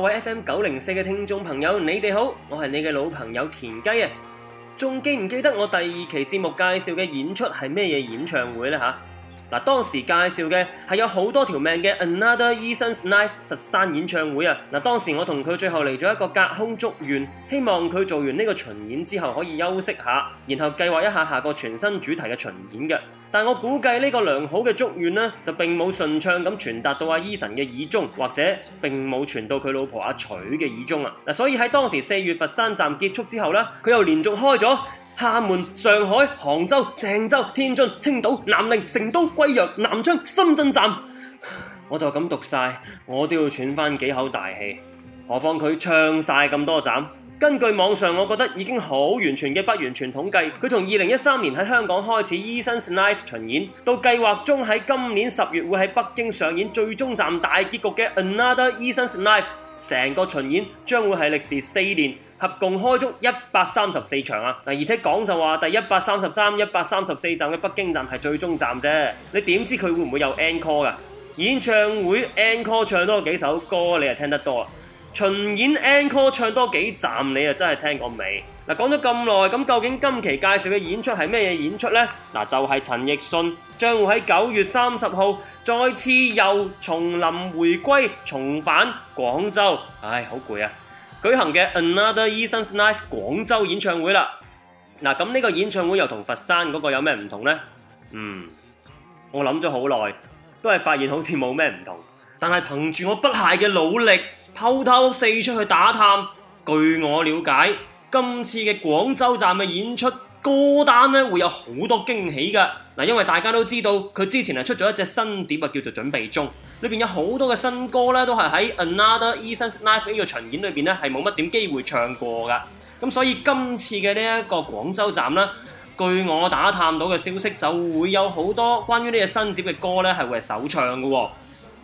各位 FM 九零四嘅聽眾朋友，你哋好，我係你嘅老朋友田雞啊！仲記唔記得我第二期節目介紹嘅演出係咩嘢演唱會呢？吓、啊、嗱，當時介紹嘅係有好多條命嘅 Another Eason’s Life 佛山演唱會啊！嗱、啊，當時我同佢最後嚟咗一個隔空祝願，希望佢做完呢個巡演之後可以休息下，然後計劃一下下個全新主題嘅巡演嘅。但我估計呢個良好嘅祝願呢，就並冇順暢咁傳達到阿伊神嘅耳中，或者並冇傳到佢老婆阿徐嘅耳中啊！所以喺當時四月佛山站結束之後呢，佢又連續開咗廈門、上海、杭州、鄭州、鄭州、天津、青島、南寧、成都、貴陽、南昌、深圳站，我就咁讀晒，我都要喘翻幾口大氣，何況佢唱晒咁多站。根據網上，我覺得已經好完全嘅不完全統計。佢從二零一三年喺香港開始《Eason's Life》巡演，到計劃中喺今年十月會喺北京上演最終站大結局嘅 Another Eason's Life》。成個巡演將會係歷時四年，合共開足一百三十四場啊！而且講就話第一百三十三、一百三十四站嘅北京站係最終站啫。你點知佢會唔會有 encore 嘅演唱會 encore 唱多幾首歌，你就聽得多啊？巡演 encore 唱多幾站，你又真係聽過未？嗱，講咗咁耐，咁究竟今期介紹嘅演出係咩嘢演出呢？就係、是、陳奕迅將會喺九月三十號再次又重臨回歸，重返廣州。唉，好攰啊！舉行嘅 Another Eason's Life 廣州演唱會啦。嗱，咁呢個演唱會又同佛山嗰個有咩唔同呢？嗯，我諗咗好耐，都係發現好似冇咩唔同。但係憑住我不懈嘅努力。偷偷四出去打探，據我了解，今次嘅廣州站嘅演出歌單咧，會有好多驚喜嘅。因為大家都知道佢之前啊出咗一隻新碟叫做《準備中》，裏面有好多嘅新歌咧，都係喺 Another Eason’s Life 呢個巡演裏面咧，係冇乜點機會唱過嘅。咁所以今次嘅呢一個廣州站啦，據我打探到嘅消息，就會有好多關於呢隻新碟嘅歌咧，係會首唱嘅喎。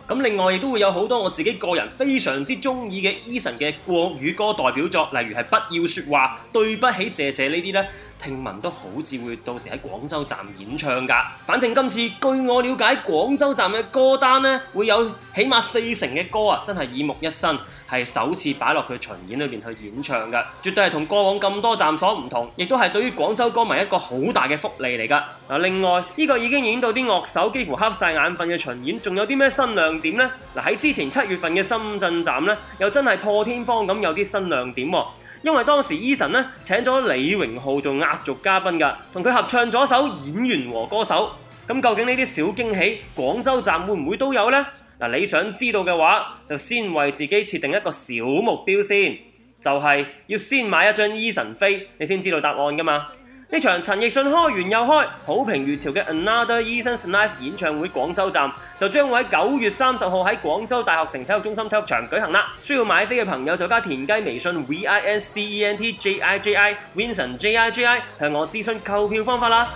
咁另外亦都會有好多我自己個人非常之中意嘅 Eason 嘅國語歌代表作，例如係不要説話、對不起姐姐、謝謝呢啲咧。聽聞都好似會到時喺廣州站演唱㗎。反正今次據我了解，廣州站嘅歌單呢，會有起碼四成嘅歌啊，真係耳目一新，係首次擺落佢巡演裏面去演唱嘅，絕對係同過往咁多站所唔同，亦都係對於廣州歌迷一個好大嘅福利嚟㗎。嗱，另外呢、這個已經演到啲樂手幾乎瞌曬眼瞓嘅巡演，仲有啲咩新亮點呢？嗱，喺之前七月份嘅深圳站呢，又真係破天荒咁有啲新亮點喎、哦。因為當時 Eason 呢請咗李榮浩做壓軸嘉賓噶，同佢合唱咗首《演員和歌手》。咁究竟呢啲小驚喜，廣州站會唔會都有呢？你想知道嘅話，就先為自己設定一個小目標先，就係要先買一張 Eason 飛，你先知道答案噶嘛。呢場陳奕迅開完又開，好評如潮嘅 Another Eason’s Life 演唱會廣州站，就將會喺九月三十號喺廣州大學城體育中心體育場舉行啦。需要買飛嘅朋友，就加田雞微信 vinscentjiji，Vincentjiji、e、向我咨詢購票方法啦。